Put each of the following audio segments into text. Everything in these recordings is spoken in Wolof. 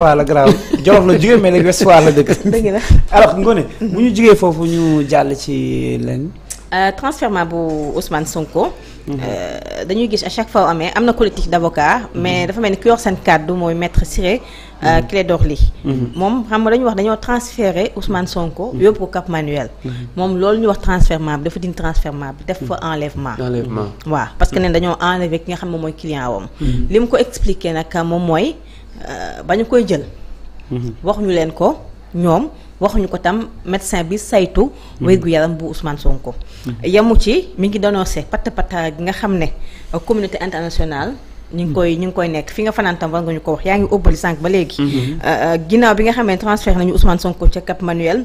waaw la garaaw Jolof la jugee mais léegi Westfaal la dëkk. dëgg la alors Ngoné. bu ñu jugee foofu ñu jàll ci leen euh, transfert bu Ousmane Sonko. Mhm. Euh, dañuy gis à chaque fois amee am na collectif d' avocats mais mhm. dafa mel ni ku yor seen kàddu mooy maître Ciré euh, mhm. Clédor li moom xam nga dañu wax dañoo transféré Ousmane Sonko. yóbbu ko Cap Manuel. moom loolu ñu wax transférable dafa din transférable def fa enlèvement. enlèvement waaw parce que neen dañoo enlever ki nga xam ne moom mooy li mu ko expliqué nag moom mooy. Euh, ba ñu koy jël. Mhm. waxuñu leen ko ñoom waxuñu ko tam médecin bi saytu. Mhm. gu yaram bu Ousmane Sonko. Mhm. yemu ci mi ngi dénoncé patt patta gi nga xam ne euh, communauté internationale. ñu koy ñu ngi koy nekk fi nga fanaan tam war nga ñu ko wax yaa ngi ubbali sànq ba léegi. Euh, ginnaaw bi nga xam ne transfert nañu Ousmane Sonko ca Cap Manuel.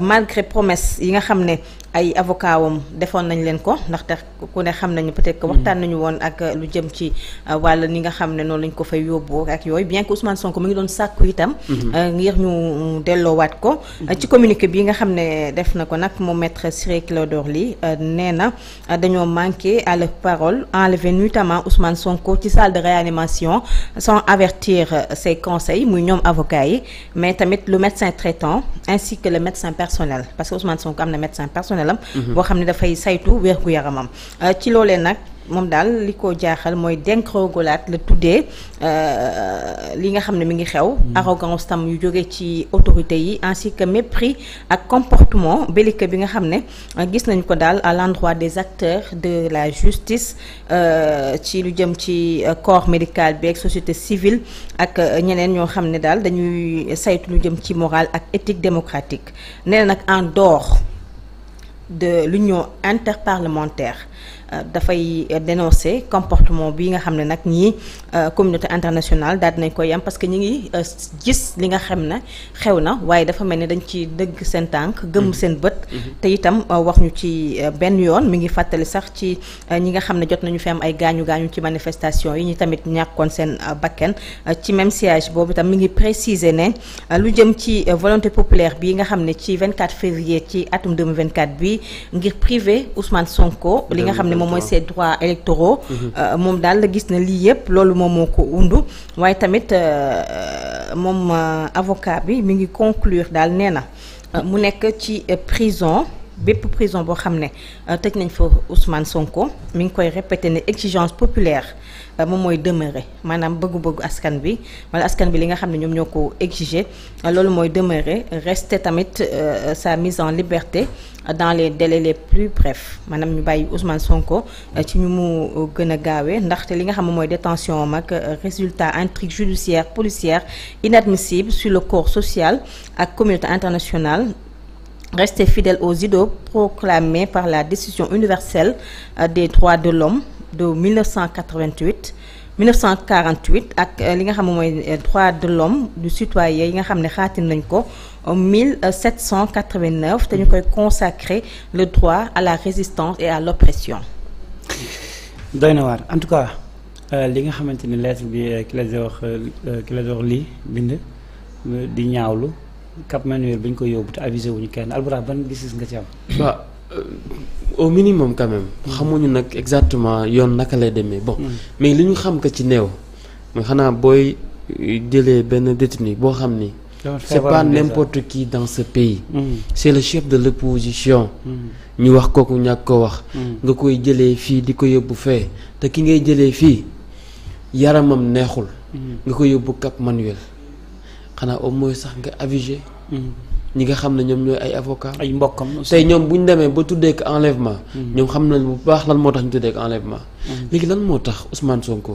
malgré promesse yi nga xam ne ay avocat wam defoon nañ leen ko ndaxte ku ne xam nañu peut-être que hmm. waxtaan nañu woon ak euh, lu jëm ci euh, wàll ni nga xam ne noonu lañ ko fay yóbboo ak yooyu bien que Ousmane Sonko mu ngi doon sàkku itam. Hmm. Euh, ngir ñu delloowaat ko. Hmm. ci communiqué bi nga xam ne def na ko nag moom maître Ciré Clédor Ly nee na dañoo manqué à la parole enlevé notamment Ousmane Sonko ci salle de réanimation sans avertir ses conseils muy ñoom avocats yi mais tamit le médecin traitant ainsi que le médecin personnel parce que Ousmane Sonko am na médecin personnel boo xam ne dafay saytu wérgu yaramam euh, ci loolee nag moom daal li ko jaaxal mooy dénkrogolaat la tuddee euh, li nga xam ne mi ngi xew hmm. arrogance tam yu jóge ci autorité yi ainsi que mépris ak comportement belliqueux bi nga xam ne euh, gis nañu ko daal à l'endroit des acteurs de la justice ci lu jëm ci corps médical bi ak société civile ak ñeneen ñoo xam ne daal dañuy saytu lu jëm ci morale ak éthique démocratique nee na nag en de l'Union interparlementaire dafay dénoncer comportement bi nga xam ne nag ñi euh, communauté internationale daal nañ koy yam parce que ñi ngi euh, gis li nga xam ne xew na waaye dafa mel ne dañ ci dëgg seen tànk gëm mm-hmm. seen bët mm-hmm. te itam euh, wax ñu ci benn yoon mi ngi fàttali sax ci ñi nga xam ne jot nañu fi ay gaañu gaañu ci manifestation yi ñu tamit ñàkkoon seen bakken ci même siège boobu itam mi ngi préciser ne lu jëm ci volonté populaire bi nga xam ne ci vingt 24 février ci atum 2024 bi ngir privé Ousmane Sonko li moom mooy ses droit électoraux euh, moom daal gis na lii yëpp loolu moom moo ko undu waaye tamit euh, moom euh, avocat bi mi ngi conclure daal nee na mu nekk ci prison bépp prison boo xam ne tëj nañ fa Ousmane Sonko mi ngi koy répété ne exigence populaire Euh, moom mooy demeurer maanaam bëggu-bëggu askan bi wala askan bi li nga xam ne ñoom ñoo ko exiger euh, loolu mooy demeurer rester tamit euh, sa mise en liberté dans les délais les plus brefs maanaam ñu bàyyi Ousmane Sonko ci ñu mu gën a gaawee ndaxte li nga xam ne mooy détention mag résultat intrigue judiciaire policière inadmissible su le corps social ak communauté internationale rester fidèle aux idéaux proclamés par la décision universelle des droits de l'homme cent de 1988 1948 ak euh, li nga xam ne mooy euh, droit de l'homme du citoyen yi nga xam ne xaatim nañ ko 1789 te ñu koy consacrer le droit à la résistance et à l'oppression doy na waar en tout cas euh, li nga xamante ni lettre bi ki la wax ki la wax lii bind di ñaawlu Cap Manuel bi koy ko yóbbu te avisé wuñu kenn Albourakh ban gis-gis nga ci am au minimum quand même. xamuñu nag exactement yoon naka lay demee bon. Mm. mais li ñu xam que ci néew. mooy xanaa booy euh, jëlee benn détenu boo xam ni. c'est pas n'importe qui dans ce pays. Mm. c'est le chef de l'opposition. Mm. ñu wax kooku ñàkk koo wax. nga koy jëlee fii di ko yóbbu fee te ki ngay jëlee fii yaramam neexul. nga ko yóbbu Cap Manuel xanaa au moins sax nga avisé. ñi nga xam ne ñoom ñooy ay avocat ay mbokkam tey ñoom bu ñu demee ba tuddee ko enlèvement mm-hmm. ñoom xam na bu baax lan moo tax ñu tuddee ko enlèvement mm-hmm. léegi lan moo tax Ousmane Sonko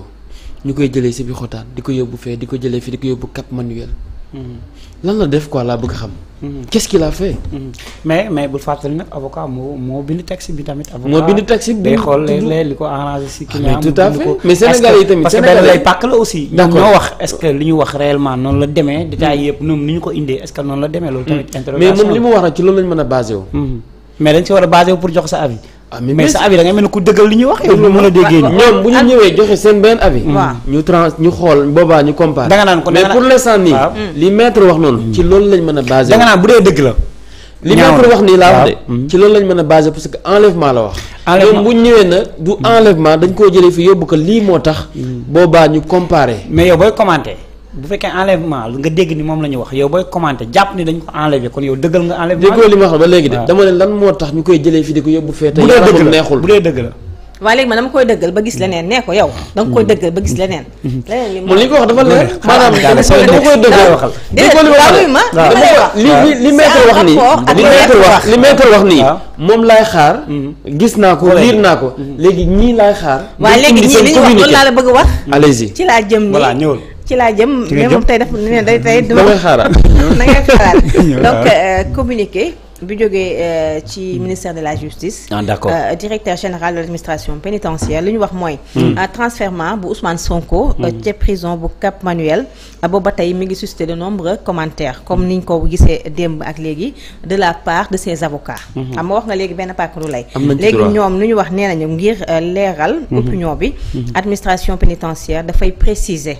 ñu koy jëlee si bi xotaan di ko yóbbu fee di ko jëlee fii di ko yóbbu Cap Manuel Hmm. lan la def quoi laa bëgg xam. Hmm. a fait. Hmm. mais mais bul fàttali nag avocat moo moo bind texte bi tamit. avocat ah, mais Sénégal yi tamit parce que benn lay pàkk la aussi. d'accord ñoo wax noonu la demee. détails yëpp ñoom ni ñu ko indee est noonu la demee. loolu tamit interrogation mais a mais dañ si war a basé pour jox sa avis. Ah, mais sa avis da nga mel ni ku dëggal li ñuy wax yow. mën a déggee nii ñoom bu ñu ñëwee joxe seen benn avis. Hmm. ñu trans ñu xool boobaa ñu compare. mais pour l'instant nii. Hmm. li maître wax noonu. ci hmm. loolu lañ mën a basé. danga naan bu dee dëgg la. li maître wax nii laa wax de. ci loolu lañ mën a basé parce que enlèvement la wax. enlèvement bu ñëwee na du enlèvement dañ koo jëlee fi yóbbu ko lii moo tax. boobaa ñu comparé. mais yow booy commenté. bu fekkee enlèvement nga dégg ni moom la ñu wax yow booy commenté jàpp ni dañ ko enlevé kon yow dëggal nga enlèvement déggoo li ma wax ba léegi de koy jëlee fii di ko yóbbu fee te yàlla neexul bu dee dëgg la waaye léegi man dama koy dëggal mm. ko yow da nga koy mm. dëggal ba gis leneen mm-hmm. leneen li moom li ko wax dafa leer maanaam dama koy ma wax li li wax nii li moom laay xaar mm-hmm. gis naa ko liir naa ko mm-hmm. léegi ñii laay xaar waaye léegi ñii li ñu wax loolu laa la bëgg wax allez-y ci laa jëm nii voilà ñëwal ci laa jëm mais moom tey def neen day tey duma na ngay xaaraat donc euh, communiqué bi jógee euh, ci mm. ministère de la justice. ah d'accord euh, directeur général de l'administration pénitentiaire li ñu wax mooy. Mm. Euh, transfèrement bu Ousmane Sonko. Mm. ca prison bu Cap Manuel. booba tey mi ngi suscité de nombreux commentaires comme ni ñu ko gisee démb ak léegi de la part de ses avocats. xam mm-hmm. nga ah, wax nga léegi benn pàcc du lay. léegi ñoom lu ñu wax nee nañu ngir leeral. Mm-hmm. opinion bi mm-hmm. administration pénitentiaire dafay préciser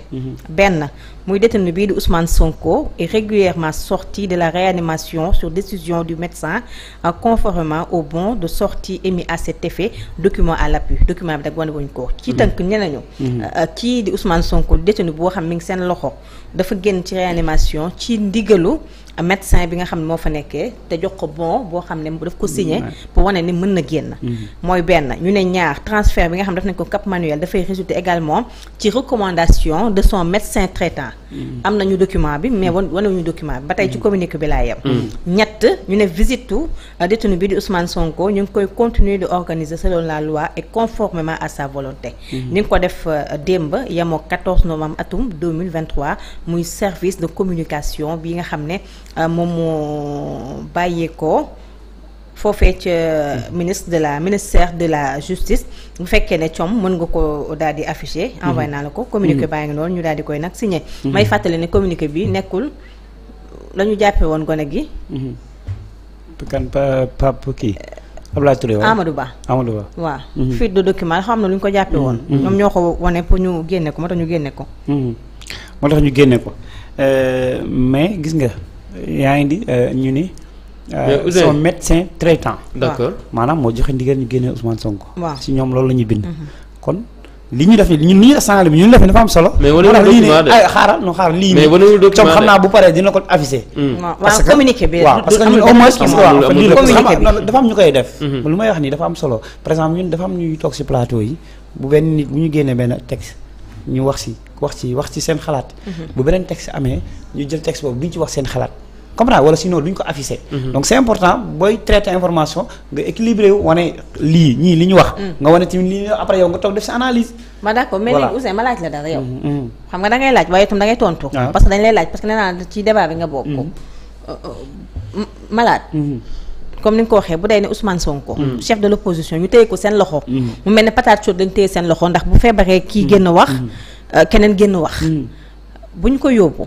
benn. muy détenu bii di Ousmane Sonko est régulièrement sorti de la réanimation sur décision du médecin euh, conformément au bon de sortie émis à cet effet document à l'appui document bi nag wane wuñ ko ci mhm. tënk ne nañu mhm. euh, kii di Ousmane Sonko détenu boo xam mi ngi seen loxo dafa génn ci réanimation ci ndigalu médecin bi nga xam ne moo fa nekkee te jox ko bon boo xam ne daf ko signé mm, pour wane ne mën na génn mm-hmm. mooy benn ñu ne ñaar transfert bi nga xam ne daf nañ ko Cap Manuel dafay résulter également ci recommandation de son médecin traitant Mm. am nañu document bi mais mm. wan wanewuñu document bi ba tey ci mm. communiqué bi laa yem. ñett ñu ne visitu euh, détenu bi di Ousmane Sonko ñu ngi koy continuer de organiser selon la loi et conformément à sa volonté. ni nga ko def euh, démb yemoo 14 novembre atum 2023 muy service de communication bi nga xam ne euh, moom moo ko foofu ca euh, ministre de la ministère de la justice bu fekkee ne com mën nga ko daal di afficher mhm. envoyé naa la ko communiqué mhm. baa ngi noonu ñu daal di koy nag signé mhm. may fàttali ne communiqué bi nekkul lañu jàppee woon gone gi kan kii Abdoulaye Touré waaw Amadou Ba Amadou Ba waaw fuite de document xam na lu ñu ko jàppee woon ñoom ñoo ko wane pour ñu génne ko moo tax ñu génne ko moo génne ko euh, mais gis nga yaa ngi di euh, ñu ni Euh, mais son médecin traitant. Ah. d'accord ah. moo joxe ndigal ñu génnee Ousmane Sonko. waaw si ñoom loolu la ñuy bind. Mhm. kon li ñu def nii ñun nii assemblée bi ñun def nii dafa am ñu def. Mm-hmm. nii dafa am solo par exemple ñun dafa am ñuy toog si plateau yi bu benn nit bu ñu génnee benn texte ñu wax si wax si wax si seen xalaat. Mm-hmm. bu beneen texte amee ñu jël texte boobu duñ ci wax seen xalaat comprendre wala sinon duñ ko affiché. Mhm. donc c' est important booy traité information nga équilibré wu wane lii ñii li ñu wax. Mhm. nga wane tamit lii après yow nga toog def sa analyse. ma d' accord mais léegi Ouzin ma laaj la mhm, xam nga da laaj waaye itam da ngay tontu. Ah. parce que dañ lay laaj parce euh, euh, comme ni nga ko waxee bu dee ne Ousmane Sonko. chef de l' opposition ñu téye ko seen loxo. mu mel ne patate chaude dañu téye seen loxo ndax bu feebaree kii génn wax. Euh, keneen génn wax. buñ ko yóbbu.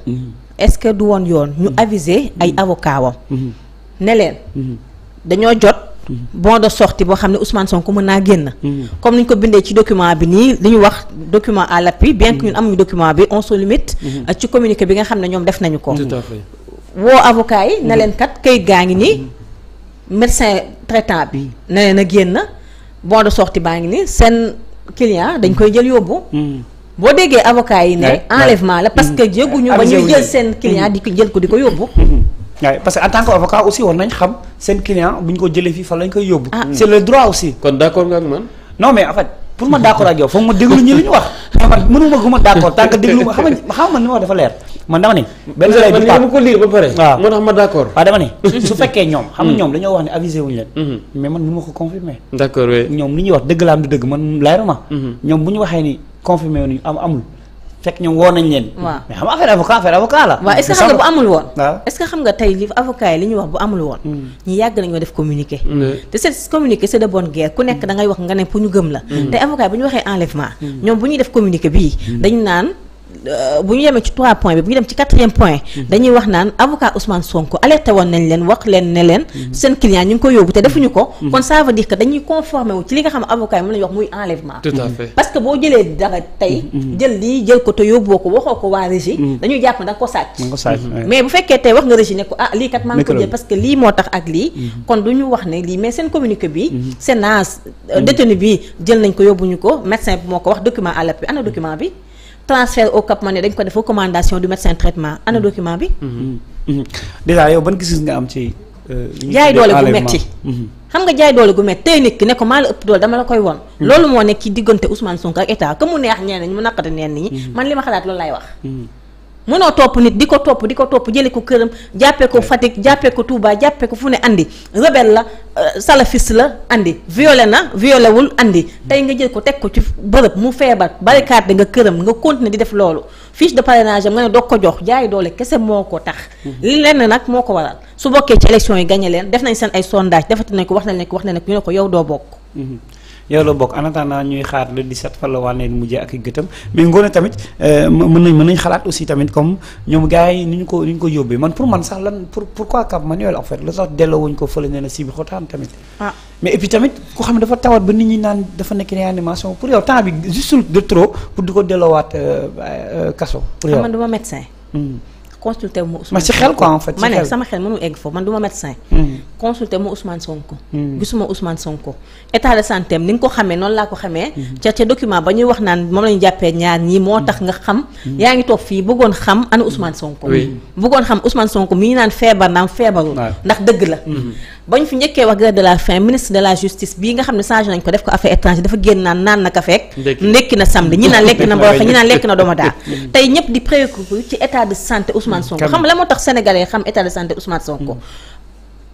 est-ce que du woon yoon ñu mm-hmm. aviser ay mm-hmm. avocat wam mm-hmm. ne leen dañoo jot bon de sortie boo xam ne Ousmane Sonko mën naa génn comme ni ñu ko bindee ci document bi nii li ñu wax document à l'appui bien que ñun amuñu document bi on se limite euh, ci communiqué bi nga xam ne ñoom def nañu ko woo avocat yi ne leen kat kayit gaa ngi nii médecin traitant bi ne leen a génn bon de sortie baa ngi nii seen client dañ koy jël yóbbu boo déggee avocat yi ne enlèvement la parce que yëguñu mm-hmm. ba ah, ñuy jël seen client di ko jël ko di ko yóbbu waaye mm-hmm. parce que en tant que avocat aussi war nañ xam seen client bu ñu ko jëlee fii fa lañ koy yóbbu ah. c'est le droit aussi kon d'accord nga ak man non mais en fait pour ma d'accord ak yow foog ma déglu ñi li wax man mënuma ma xam nga xam man ni leer man dama ne benn lay bi dama ko lire ba pare waaw moo tax ma d'accord waaw ah, dama ne su fekkee ñoom xam mm. ñoom dañoo wax ne avisé leen mm-hmm. mais man mënuma ko confirmer d'accord ñoom li ñuy wax dëgg la am dëgg man leeruma ñoom bu ñu waxee ni confirmé wu ñu am amul fekk ñoom woo nañ leen. waaw mais xam affaire avocat affaire avocat la. waaw est ce xam nga bu amul woon. est ce xam nga tey li avocat yi li ñuy wax bu amul woon. Mm. ñu yàgg nañoo def communiqué. Mm. te c'est communiqué c'est de bonne ku nekk da wax nga ne pour ñu gëm la. Mm. te avocat bu ñu waxee enlèvement. ñoom bu ñuy def communiqué bii dañu naan. Euh, bu ñu yemee ci trois points bi bu ñu dem ci quatrième point mhm. dañuy wax naan avocat Ousmane Sonko alerté woon nañ leen wax leen ne leen mhm. seen client ñu ngi ko yóbbu te defuñu ko mhm. kon ça veut dire que dañuy conformé wu ci li nga xam ne avocat yi moom la wax muy enlèvement parce que boo jëlee dara tey jël lii jël ko te yóbboo ko waxoo ko waa régie dañuy jàpp ne da ko sàcc mais bu fekkee tey wax nga régie ne ko ah lii kat maa ngi ko jël parce que lii moo tax ak kon ñu wax ne lii mais seen communiqué bi seen euh, détenu bi ko yóbbuñu ko médecin bi moo ko wax document à l'appui ana document bi transfert au Cap Manuel dañ ko def recommandation du médecin traitement ana mm-hmm. document bi. Mm-hmm. Mm-hmm. déjà ban gis-gis nga am ci. Euh, jaay doole gu metti xam nga jaay doole gu metti tey nit ki ne ko maa la ëpp doole dama la koy won loolu moo nekk ci diggante Ousmane Sonko ak état que mu neex ñenn ñi mu naqari ñenn ñi. man li ma xalaat loolu laay wax. mënoo topp nit di ko topp di ko topp jëlee ko këram jàppe ko Fatick jàppe ko Touba jàppee ko fu ne andi rebelle la euh, salafiste la andi violé na violé wul andi tey nga jël ko teg ko ci bërëb mu feebar barricade nga këram nga continuer di def loolu fiche de parrainage am nga ne doog ko jox jaay doole kese moo ko tax mhm. li lenn nag moo ko waral su bokkee ci élection yi gagné leen def nañ seen ay sondage defati nañ ko wax nañ ne ko wax na ne ne ko yow doo bokk mhm. yow la bokk en attendant ñuy xaar le 17 fan la wàllu mujjee ak i gëtam mais ngoone tamit euh, mën nañ mën nañ xalaat aussi tamit comme ñoom gars yi ni ñu ko ni ñu ko yóbbee man pour man sax lan pour pourquoi Cap Manuel en fait la tax ko fële ne na xotaan tamit. ah mais et puis tamit ku xam ne dafa tawat ba nit ñi naan dafa nekk réanimation pour yow temps bi juste de trop pour di ko delloowaat euh, euh, kaso. pour yow ah, man du consulté wu ma Ousmane. ma ci xel quoi en fait ma ne sama xel mënul egg foofu man du ma médecin. Hmm. consulté ma Ousmane Sonko. Hmm. gisuma Sonko état de santé ni nga ko xamee noonu laa ko xamee. Hmm. ca ca document ba ñuy wax naan moom la ñu jàppee ñaar ñii moo tax nga xam. yaa ngi toog fii bëggoon xam ana Ousmane Sonko. bëggoon xam usman Sonko mii ñu naan feebar naam feebarul. ndax dëgg la. bañ fi njëkkee wax grève de la faim ministre de la justice bii nga xam ne changé nañ ko def ko affaire étranger dafa génn naan naan na ndekki na samedi ñi naan lekk na mboroxe ñi naan lekk na dooma daa tey ñëpp di préoccupé ci état de santé Ousmane Sonko xam la moo tax sénégalais xam état de santé Ousmane Sonko mm.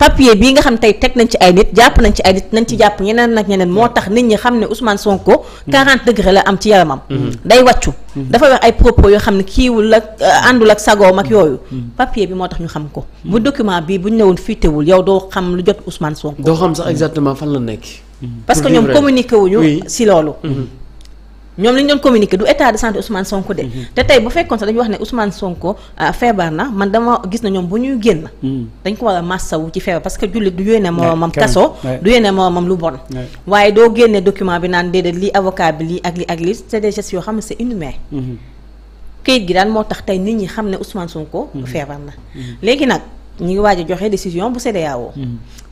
papier bii nga xam tey teg nañ ci ay nit jàpp nañ ci ay nit nañ ci jàpp ñeneen nag ñeneen moo tax nit ñi xam ne Ousmane Sonko 40 mm-hmm. degré la am ci yaramam mm-hmm. day wàccu mm-hmm. dafa wax ay propos yoo xam ne kiiwul ak euh, àndul ak sagoom ak yooyu papier bi moo tax ñu xam ko bu document bi bu ñu newoon fiitewul yow doo xam lu jot Ousmane Sonko doo xam sax exactement fan la nekk parce que ñoom communiqué wuñu si loolu ñoom li ñu doon communiqué du état de santé Ousmane Sonko de. Mhm. te tey bu fekkoon sax dañuy wax ne Ousmane Sonko euh, feebar na man dama gis na ñoom bu ñuy génn. Mhm. dañ ko war a wu ci feebar parce que jullit du yónnee moromam kaso du yónnee moromam lu bon. waaye doo génnee document bi naan déedéet lii avocat bi lii ak lii ak lii c'est des gestes yoo xam ne c'est inhumain. Mhm. kayit gi daal moo tax tey nit ñi xam ne Ousmane Sonko. feebar na léegi nag. ñu ngi waaj a joxe décision bu CEDEAO. Mm.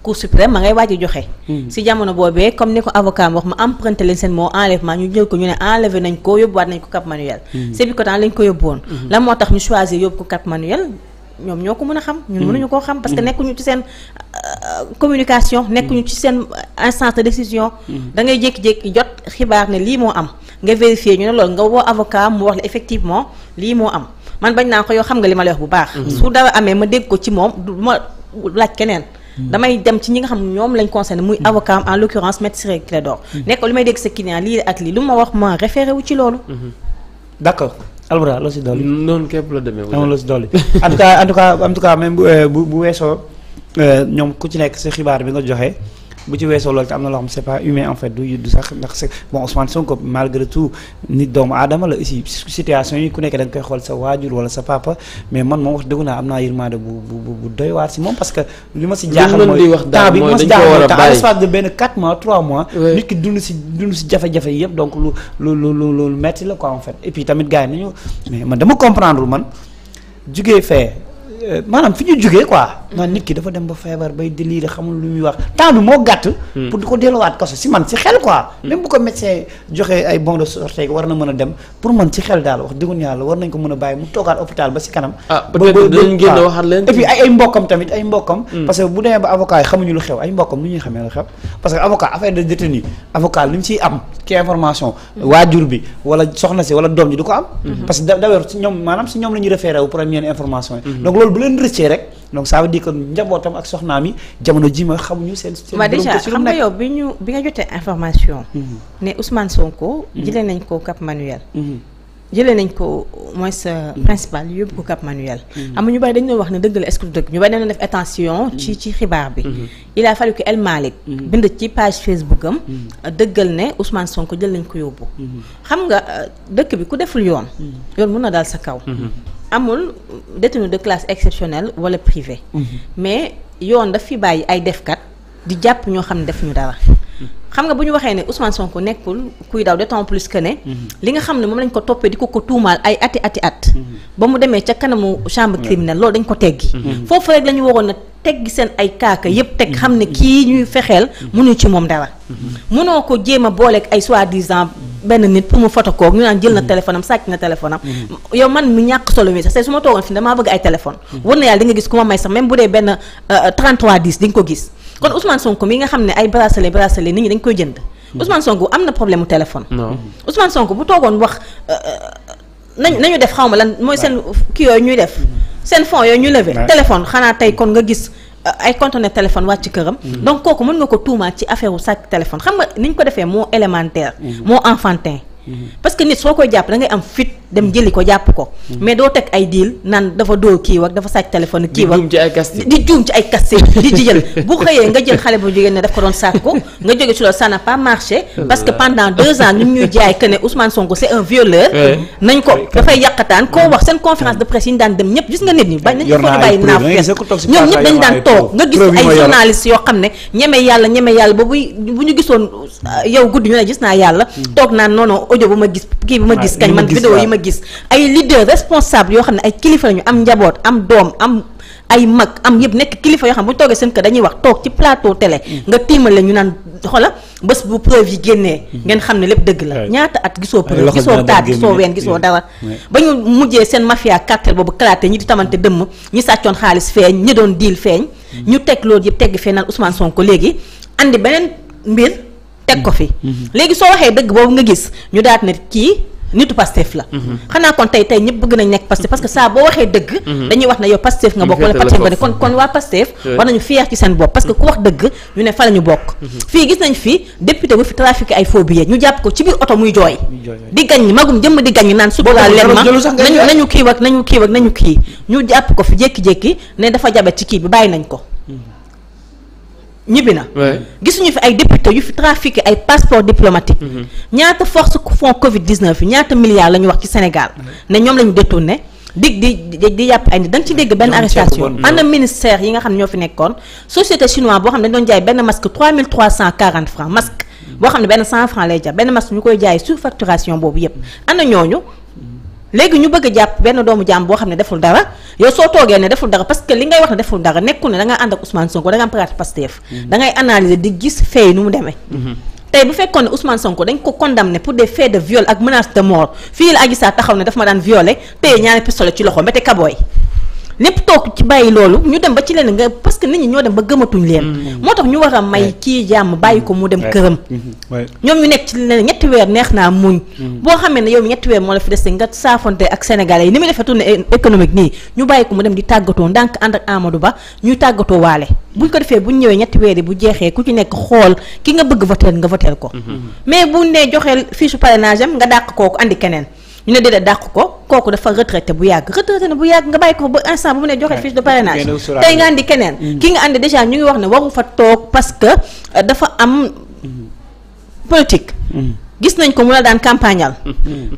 cour suprême ma ngay waaj joxe. Mm. si jamono boobee comme ni ko avocat wax ma emprente leen seen mot enlèvement ñu jël ko ñu ne enlevé nañ ko yóbbuwaat nañ ko Cap Manuel. Mm. Sébikotane lañ ko yóbbuwoon. lan moo tax ñu choisir yóbbu ko Cap Manuel ñoom ñoo ko mën a xam. ñun ñu koo xam parce que nekkuñu ci seen euh, communication. nekkuñu ci seen instance de décision. da ngay jékki-jékki jot xibaar ne lii moo am nga vérifier ñu ne loolu nga woo avocat mu wax effectivement lii moo am. man bañ naa ko yow xam nga li ma lay wax bu baax. Mhm. su dara amee ma dégg ko ci moom du ma laaj keneen. Mhm. damay dem ci ñi nga xam ñoom lañ concerné muy mhm. avocat en l'occurrence maître Ciré Clédor li may dégg sa client lii ak lii lu ma wax ma référé wu ci loolu. d'accord Albourakh loo si dolli. noonu képp la demee. amul loo si dolli en tout cas en tout cas en tout cas même bu euh, bu bu weesoo euh, ñoom ku ci nekk sa xibaar bi nga joxe. bu ci weesoo loolu te am na loo xam c'est pas humain en fait du du sax ndax bon Ousmane Sonko malgré tout nit doomu aadama la aussi situation yi ku nekk da nga koy xool sa waajur wala sa papa mais man moom wax dëgg naa am naa yërmande bu bu bu doy waar si moom parce que li ma si jaaxal mooy temps bi ma si jaaxal temps espace de benn 4 mois 3 si dund jafe-jafe yi yëpp donc lu lu lu lu metti la ko en fait et puis tamit gars yi nañu mais man dama comprendre man jugee fee Euh, maanaam fi ñu jugee quoi. naan nit ki dafa dem ba feebar bay délire xamul lu muy wax temps bi moo gàtt. Hmm. pour di ko delluwaat kaso si man si xel quoi. Hmm. même bu ko médecin joxee ay bon de sortie war na mën a dem pour man si xel daal wax dëggu yàlla war nañ ko mën a bàyyi mu toogaat hôpital ba si kanam. ah peut-être dinañ génn waxaat ay mbokkam tamit ay mbokkam. Hmm. parce que bu demee ba avocat yi xamuñu lu xew ay mbokkam lu ñuy xamee lu xew. parce que avocat affaire da da la ñuy référé bu leen rëccee rek donc ça veut dire que njabootam ak soxnaam mi jamono ji ma xamuñu seen. seen ma xam nga yow bi ñu bi nga jotee information. Mhm. ne Ousmane Sonko. Mhm. jëlee nañ ko Cap Manuel. Mhm. jëlee nañ ko mooy sa principal yóbbu ko Cap Manuel. am ñu bari dañu doon wax ne dëgg la est-ce que dëgg ñu bari dañu def attention. ci ci xibaar bi. il a fallu que El Malick. bind ci page Facebook dëggal ne Ousmane Sonko jël nañ ko yóbbu. xam nga euh, dëkk bi ku deful yoon. yoon mun na daal sa kaw. amul détenu de classe exceptionnelle wala privé mhm. mais yoon daf fi bàyyi ay defkat di jàpp ñoo xam ne def ñu dara xam nga bu ñu waxee ne Ousmane ko nekkul kuy daw d'autant plus que ne. Mhm. li nga xam ne moom lañ ko toppee di ko ko tuumaal ay ati ati at. Mhm. ba mu demee ca kanamu chambre criminelle loolu dañ ko teggi. Mhm. foofu rek la ñu waroon a teggi seen ay kaaka yépp teg xam ne kii ñuy fexeel mu mënuñ ci moom dara. mënoo ko jéem a booleeg ay soi-disant benn nit pour mu foto koog ñu naan jël na téléphone am sàcc na téléphone yow man mi ñàkk solo mi sax tey su ma toogoon fii damaa ay téléphone war na yàlla di nga gis ku bu dee benn 33 euh, 10 euh, di nga ko gis. kon Ousmane Sonko mi nga xam ne ay bracelet bracelet nit ñi dañ koy jënd. Ousmane Sonko am na problème mu téléphone. non Ousmane Sonko bu toogoon wax euh, euh, nañu nañu def xaw ma lan mooy seen kii yooyu ñuy def. seen fonds yooyu ñu levé. téléphone xanaa tey kon nga gis. Euh, ay conteneur téléphone wàcc këram. Mm. donc kooku mën nga ko tuumaat ci affaire wu sàcc téléphone xam nga ni ñu ko defee moo élémentaire. Mm. moo enfantin. parce que nit soo koy jàpp da am fit dem jëli ko jàpp ko. mais doo teg ay diil naan dafa dóor kii dafa sàcc téléphone kii di juum ci ay casse di ci bu xëyee nga jël xale bu jigéen ne daf ko doon sàkku nga jóge ci loolu ça pas marché. parce que pendant deux ans ñu ñuy jaay que ne Ousmane Sonko c'est un violeur. nañ ko dafay yàqataan koo wax seen conférence de presse yi ñu daan dem ñëpp gis nga nit ñi. bañ nañ ko ñu gisoon euh, naa yàlla hmm. toog naan non audio bu ma gis kii bu ma gis kañ man vidéo yi ma gis ay leader responsable yoo xam ne ay kilifa lañu am njaboot am doom am ay mag am yëpp nekk kilifa yoo xam bu ñu toogee seen kër dañuy wax toog ci plateau télé mm. nga tiimal la ñu naan la bés bu preuve yi génnee mm. ngeen xam ne lépp dëgg la ñaata at gisoo preuve gisoo taat gisoo ween gisoo dara ba ñu mujjee seen mafia cartel boobu kalaate ñi di tamante dëmm ñi sàccoon xaalis feeñ ñi doon diil feeñ mm. ñu teg yëpp tegg fee naan Ousmane Sonko léegi andi beneen mbir teg ko fi. léegi soo kon kon waa Pastef. war nañu fier ci seen bopp parce ku wax dëgg ñu ne fa la bokk. fii gis nañ fi député bu fi trafiqué ay faux billets ñu jàpp ko ci biir oto muy jooy. di gañ magum jëmm di gañ naan suturaal leen ma nañu nañu kii nañu kii nañu kii ñu jàpp ko fi jékki-jékki ne dafa jabet ci kii bi bàyyi nañ ko ñibbi na. gisuñu fi ay député yu fi trafiqué ay passeport diplomatique. Mm-hmm. ñaata force fond Covid 19 ñaata milliards la ñu wax ci Sénégal mm-hmm. ne ñoom la ñu détourné dig di di yàpp ay nit ci dégg benn arrestation ana ministère yi nga xam ne ñoo fi nekkoon société chinois boo xam ne dañ doon jaay benn masque 3340 francs masque mm-hmm. boo xam ne benn 100 francs lay jar benn masque ñu koy jaay surfacturation boobu yépp ana ñooñu léegi ñu bëgg jàpp benn doomu jàmm boo xam ne deful dara yow soo toogee ne deful dara parce que li ngay wax ne deful dara nekkul ne da nga ànd ak Ousmane Sonko da nga am pratique Pastef mhm. da ngay analyser di gis fee nu mu demee mhm. tey bu fekkoon ne Ousmane Sonko dañ ko condamné pour des faits de viol ak menace de mort fii la Adji Sarr taxaw ne daf ma daan violé tey ñaari pistolet ci loxo mbete kabooy lépp toog ci bàyyi loolu ñu dem ba ci leen nga parce que nit ñi ñoo dem ba gëmatuñ leen mm. Mm. moo tax ñu war a may kii jàmm bàyyi ko mu dem këram mm-hmm. ñoom ñu nekk ci leen ñetti weer neex naa muñ mm. boo xamee ne yow ñetti weer moo la fi dese nga saafonte ak sénégalais yi ni muy defee tournée économique nii ñu bàyyi ko mu dem di tàggatoo ndànk ànd ak Amadou Ba ñu tàggatoo waale buñ ko defee buñ ñëwee ñetti weer yi bu jeexee ku ci nekk xool ki nga bëgg voter nga voter ko mm-hmm. mais buñ ne joxeel fiche parrainage am nga dàq kooku andi keneen ñu ne déedéet ko kooku dafa retraité bu yàgg retraité bu yàgg nga bàyyi ko ba instant bu mu ne joxe fiche de parrainage tey nga andi keneen mm. ki nga andi déjà ñu ngi wax ne waru fa toog parce que euh, dafa am mm. politique mm. gis nañ ko mun a daan campagnal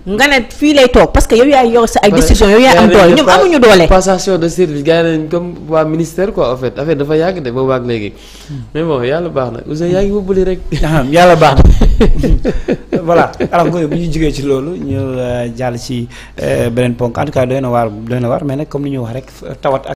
nga ne fii lay toog parce que yow yaay yor sa ay décision yow yaay am doole ñoom amuñu doole passation de service gars yi nañ comme waa ministère quoi en fait dafa yàgg de boobu ak léegi mais bon yàlla baax na Ousseyn yaa ba wubbali rek yàlla baax na voilà alors Ngoné bu ñu jógee ci loolu ñu euh, jàll ci euh, beneen ponk en tout cas doy na waar doy na waar mais nag comme ni ñu wax rek tawat